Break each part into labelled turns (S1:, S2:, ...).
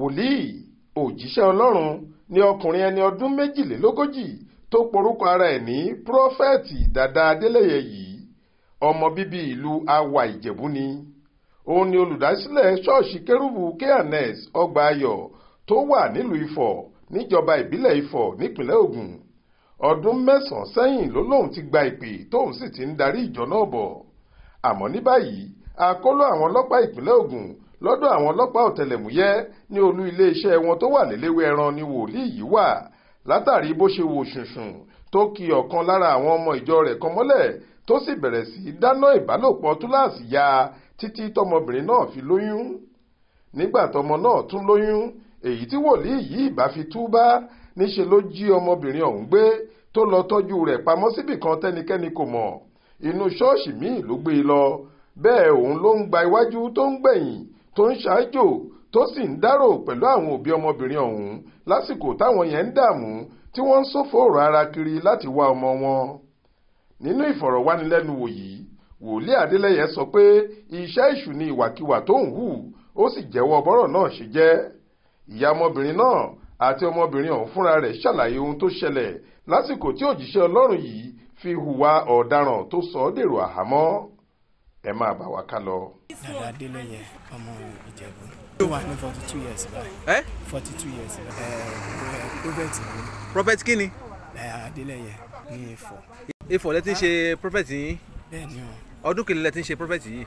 S1: wòlíì òjíṣẹ́ ọlọ́run ni ọkùnrin ẹni ọdún méjìlélógójì tó porúkọ ara ẹ̀ ní pírọ́fẹ́ẹ̀tì Dàda Adélẹ́yẹ yìí ọmọ bíbí ìlú Awà Ìjẹ̀bú ni òun ni olùdásílẹ̀ ṣọ́ọ̀ṣì kérúbù K&S ọgbà ayọ̀ tó wà nílùú Ifọ̀ níjọba ìbílẹ̀ Ifọ̀ nípínlẹ̀ Ògùn ọdún mẹ́sàn-án sẹ́yìn ló lóun ti gba ìpè tóun sì ti ń darí ìjọ náà bọ̀ àmọ́ ní báyìí àkóló àwọn ọlọ́pàá ìpínlẹ̀ Ògùn lọ́dọ̀ àwọn ọlọ́pàá ọ̀tẹlẹ̀múyẹ́ ní olú iléeṣẹ́ wọn tó wà léléwé ẹran ni wòlíì yìí wà látàrí bó ṣe wò ṣùnṣùn tó ki ọ̀kan lára àwọn ọmọ ìjọ rẹ̀ kan mọ́lẹ̀ tó sì bẹ̀rẹ̀ sí dáná ìbálòpọ̀ túláàsì ya títí tọmọbìnrin náà fi lóyún nígbà tọmọ náà tún lóyún èyí tí wòlíì yìí ìbá fi túbá níṣe ló jí ọmọbìnrin ọ̀hún gbé tó lọ tọ́jú rẹ̀ pamọ́ síbì kan tẹ́nikẹ́ni kò mọ̀ inú ṣọ́ọ̀ṣì míì ló gbé e lọ bẹ́ẹ̀ òun ló ń gba iwájú tó ń gbẹ̀yìn tó ń ṣáájò tó sì ń dárò pẹ̀lú àwọn òbí ọmọbìnrin ọ̀hún lásìkò táwọn yẹn ń dààmú tí wọ́n ń ṣòfò ọ̀rọ̀ ara kiri láti wá ọmọ wọn. nínú ìfọ̀rọ̀wánilẹ́nuwò yìí wòlíì adélẹ́yẹ sọ pé iṣẹ́ èṣù ni ìwàkiwà tó ń hù ó sì jẹ́wọ́ bọ́rọ̀ náà ṣe jẹ́ ìyá ọmọbìnrin náà àti ọmọbìnrin ọ̀hún fúnra rẹ̀ ṣàlàyé ohun tó ṣẹlẹ̀ lásìkò tí òjíṣẹ́ ọlọ́run yìí fi hùwà ọ̀daràn tó sọ ọ́ dèrò àhámọ́ ẹ máa bá wa ká lọ.
S2: dàdá adélẹyẹ ọmọ ìjẹ̀bú ló wà ní forty two years
S3: báyìí forty two years eh, prophet ni. prophet kí ni. dàdá eh, adélẹyẹ ní ifọ̀. ifọ̀ lẹ ti ń ṣe prophet yìí. bẹ́ẹ̀ni o. ọdún kìlẹ̀ lẹ ti ń ṣe prophet yìí.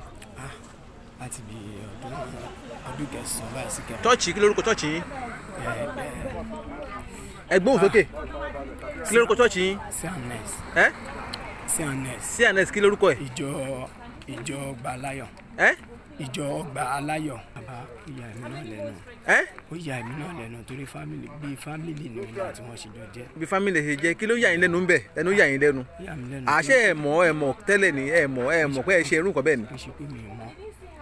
S3: láti bí ọdún ọdún kẹsàn-án báyìí sí kẹrin. tọ́ọ̀chì eh, kí lórúkọ tọ́ọ̀chì yìí. ẹgbọ́n òsókè kí lórúkọ tọ́ọ̀chì yìí. cns. cns. cns kí lórúkọ ẹ̀. ìjọ
S2: ìjọ ọgbà aláyọ̀. ìjọ ọgbà aláyọ̀. bàbá ó yà èmi náà lẹ́nu. ó yà èmi náà lẹ́nu torí fámìlì bíi fámìlì ni òun àti wọn ṣe jọ jẹ́.
S3: bí fámìlì ṣe jẹ́ kí ló yà yín lẹ́nu ń bẹ̀ ẹnu yà yín lẹ́nu. àṣẹ ẹ̀ mọ̀ ẹ̀ mọ̀ tẹ́lẹ̀ ni ẹ̀ mọ̀ ẹ̀ mọ̀ pé ẹ ṣe irú nǹkan bẹ́ẹ̀ ni.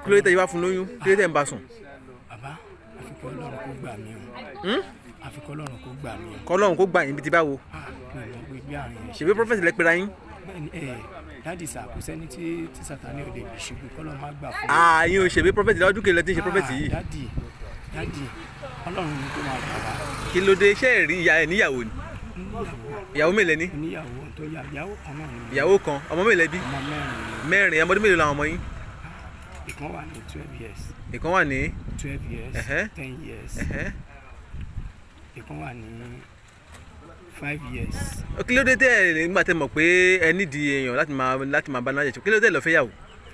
S3: kí ló dé tẹ́ yín bá fún lóyún kí ló dé tẹ́ ń bá sùn. bàbá àfikún ọlọ́run kò gbà mí o hmm? àfi kọlọ́run kó gbà mí
S2: dáàdì sà kò sẹ́ni tí tí sàtánì ò lè lè ṣubú kọ́lọ́ má gbà fún mi. ààyè ah, ò ṣèbí prọfẹ̀tì lọ́dún kìlọ̀ tí ń ṣe ah, prọfẹ̀tì yìí. dáàdì dáàdì ọlọ́run ni kò máa gbà wá.
S3: kí ló dé iṣẹ́ ìrí ìyá ẹ̀ níyàwó ni. ìyàwó mélòó ni. níyàwó
S2: tó yà ìyàwó kan náà ni.
S3: ìyàwó kan ọmọ mélòó bí. ọmọ mẹ́rin. mẹ́rin ọmọdé mélòó làwọn ọmọ yín. Ah,
S2: ìkan wà ní twelve years.
S3: ìkan wà ní. twelve years. ten
S2: years. ìkan wà ní five years.
S3: kí ló dé tẹ ẹ nígbà tẹ mọ̀ pé ẹ nídìí èèyàn láti máa láti máa bá náà jẹ kí ló dé lọ fẹ́ yàwó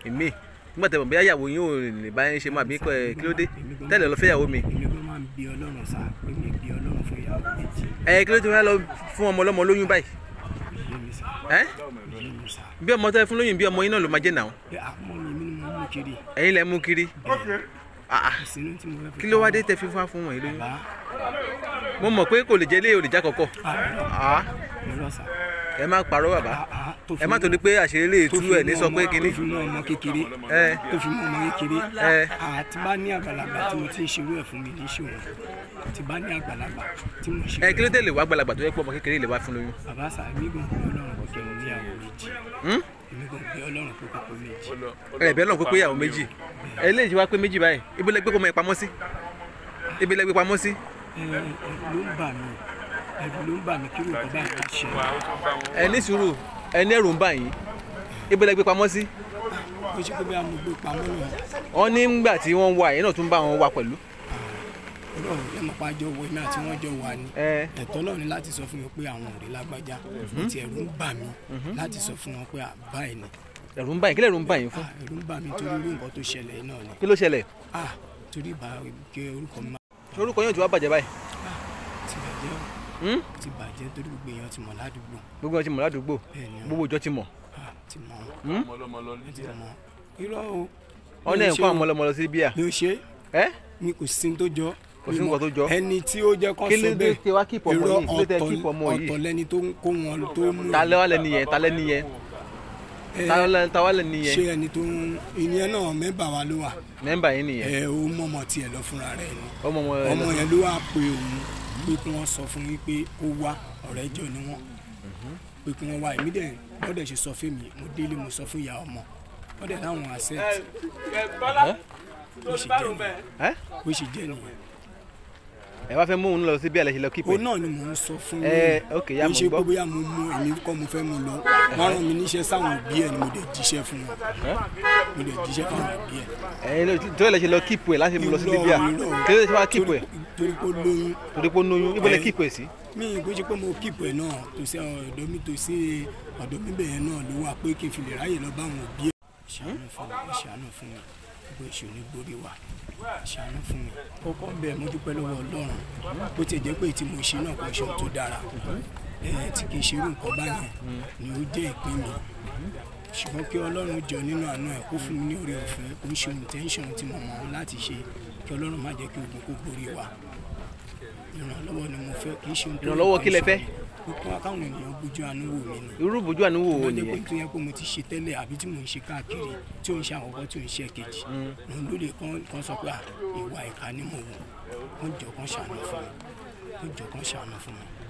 S3: èmi nígbà tẹ mọ̀ bóyá yàwó yín ò lè bá yín ṣe mọ́ àbí kí ló dé tẹlẹ lọ fẹ́ yàwó mi. èmi
S2: kò máa ń bi Ọlọ́run sá pé mi bi Ọlọ́run fún yàwó méjì.
S3: ẹ kí ló dé wọn lọ fún ọmọ ọlọ́mọ lóyún báyìí. bí ọmọ tẹ fún lóyún bí ọmọ yín náà ló máa jẹ náà. ẹ̀yin lẹ mú kiri. Ah, ah. kí ló wá dé tẹ fi fún wa fún wọn yìí lóyún mo mọ̀ pé kò lè jẹ́ ilé olè já kọ̀kọ̀ ẹ má parọ́ bàbá ah, ah, ah. ẹ má torí pé àṣírí lè tú ẹ̀ ní sọ pé kínní. tó fi mú ọmọ kékeré
S2: eh. tó fi mú ọmọ kékeré àti eh. bá ní àgbàlagbà tí mo ti ń ṣerú ẹ̀ fún mi ní ṣòro àti bá ní àgbàlagbà tí mo ṣe. ẹ eh, kí ló
S3: dé lè wá àgbàlagbà tó yẹ pé ọmọ kékeré lè wá fún lóyún. bàbá sà mí gùn pé ọlọ́run kò kẹ́ mi ní àwọn méjì hmm?
S2: èmi gùn pé ọlọ́run kò kọ́ méjì.
S3: ẹ bẹ́ẹ̀ lọ́run kó pé àwọn méjì ẹ lè wá pé méjì báyìí ibi lẹ́gbẹ́ kó mọ ẹ pamọ́ sí ibi lẹ́gbẹ́ pamọ́ sí ló ń bà mí ẹ̀rù ló ń bà mí kí ló ń bá mi ṣe. ẹ ní sùúrù ẹ ní ẹ̀rù ń bà yín ibo lẹ gbé pamọ́ sí. wọ́n ní ngbà tí wọ́n wà yẹn náà tún bá wọn wà pẹ̀lú
S2: ẹ̀tọ́ náà ni láti sọ fún mi pé àwọn ọ̀rẹ́ lágbájá mhm. àti ẹ̀rù ń bà mí mhm. láti sọ fún wọn pé àbá ẹ̀ ni. ẹ̀rù ń bà yín kí lẹ̀rù ń bà yín fún. ẹ̀rù ń bà mí torí irú nǹkan tó ṣẹlẹ̀ náà ni. kí ló ṣẹlẹ̀. a torí ìbá orúkọ mi orúkọ
S3: yóò ti wá bàjẹ́ báyìí.
S2: Ah, ti bàjẹ́ o hmm? ti bàjẹ́ torí gbogbo èèyàn ti mọ̀ ládùúgbò.
S3: gbogbo èèyàn ti mọ̀ ládùúgbò gbogbo ìjọ ti mọ̀. Ah, ti mọ̀ hmm?
S2: ọmọlọmọlọ ní ti mọ̀ irọ́ o. ọ̀nà ẹ̀ ń kọ́ ọmọlọmọlọ sí bíà. mi ò ṣe é mi kò sí tó jọ kò sí nǹkan tó jọ
S3: ẹni tí ó jẹ́ kán sọ bẹ́ẹ̀ irọ́ ọ̀tọ̀
S2: lẹni tó ń kó wọn
S3: tó mú. talẹ́ wà lẹ́ni yẹn talẹ́ ni yẹn. Eh, tawalẹ nìyẹn. ṣé ẹni tó ń
S2: ìyẹn náà mẹ́mbà wa ló wà.
S3: mẹ́mbà yẹn nìyẹn. ẹ o mọ̀mọ́ tiẹ̀ lọ fúnra rẹ̀ ni. ọmọ yẹn ló wà
S2: pé òun pé kí wọ́n sọ fún yín pé kó wá ọ̀rẹ́ jọ ni wọ́n mhm. pé kí wọ́n wá èmi dẹ̀ bọ́dẹ̀ ṣe sọ fún mi mo délé mo sọ fún ìyá ọmọ bọ́dẹ̀ láwọn
S3: àṣẹ eh, eh, bó ṣe jẹ́ nìyẹn ẹ wá fẹ́ mú òun lọ sí bí àlẹ́ṣẹ́ lọ kíkọ́. òun náà ni mò ń sọ fún mi kì í ṣe pé bóyá mo mú èmi kọ́ mo fẹ́ mu lọ wọ́n rán mi níṣẹ́ sáwọn òbí ẹ̀ ni mo dẹ̀ jíṣẹ́ fún wọn mo dẹ̀ jíṣẹ́ fún àwọn òbí ẹ̀. ẹ tó ẹ lè lọ kíkọ́ ẹ láti mú lọ sí Libya tó ẹ ṣe wá kíkọ́ ẹ. torí pé lóyún. torí pé lóyún ibo lẹ kíkọ́ ẹ sí.
S2: mi kò ṣe pé mo kíkọ́ ẹ náà tòsí ọ̀dọ́ mi tòsí ọ̀dọ́ mi bẹ̀yẹn náà ló wà pé kí n fi lè ráyè lọ bá àwọn òbí ẹ̀ gbogbo ìṣòro ní gbórí wa ṣàánú fún mi kọ́kọ́ bẹ́ẹ̀ mo dúpẹ́ lọ́wọ́ ọlọ́run bó ti jẹ́ pé tí mo ṣe náà kò ṣe ohun tó dára tí kì í ṣe irú nǹkan báyẹn ni ó jẹ́ ìpín mi ṣùgbọ́n kí ọlọ́run jọ nínú àánú ẹ̀ kó fún mi ní oore ọ̀fẹ́ kó ń ṣe intention tí mo mọ̀ láti ṣe kí ọlọ́run má jẹ́ kí ogun kó gbórí wa ìrànlọ́wọ́ ni mo fẹ́ kì í ṣe ohun tó ìrànlọ́wọ́ kí lẹ fẹ́ pé káwọn ènìyàn bójú àánú wò mí
S3: ni. irú bójú àánú wò wò nìyẹn.
S2: tó yẹ pé mo ti ṣe tẹ́lẹ̀ àbí tí mò ń ṣe káàkiri tí ò ń ṣe àwọn tí ò ń ṣe kejì. òun ló lè kàn sọ pé ìwà ìka ni mo wò wọ́n jọ kàn ṣàánú fún
S1: mi wọ́n jọ kàn ṣàánú fún mi.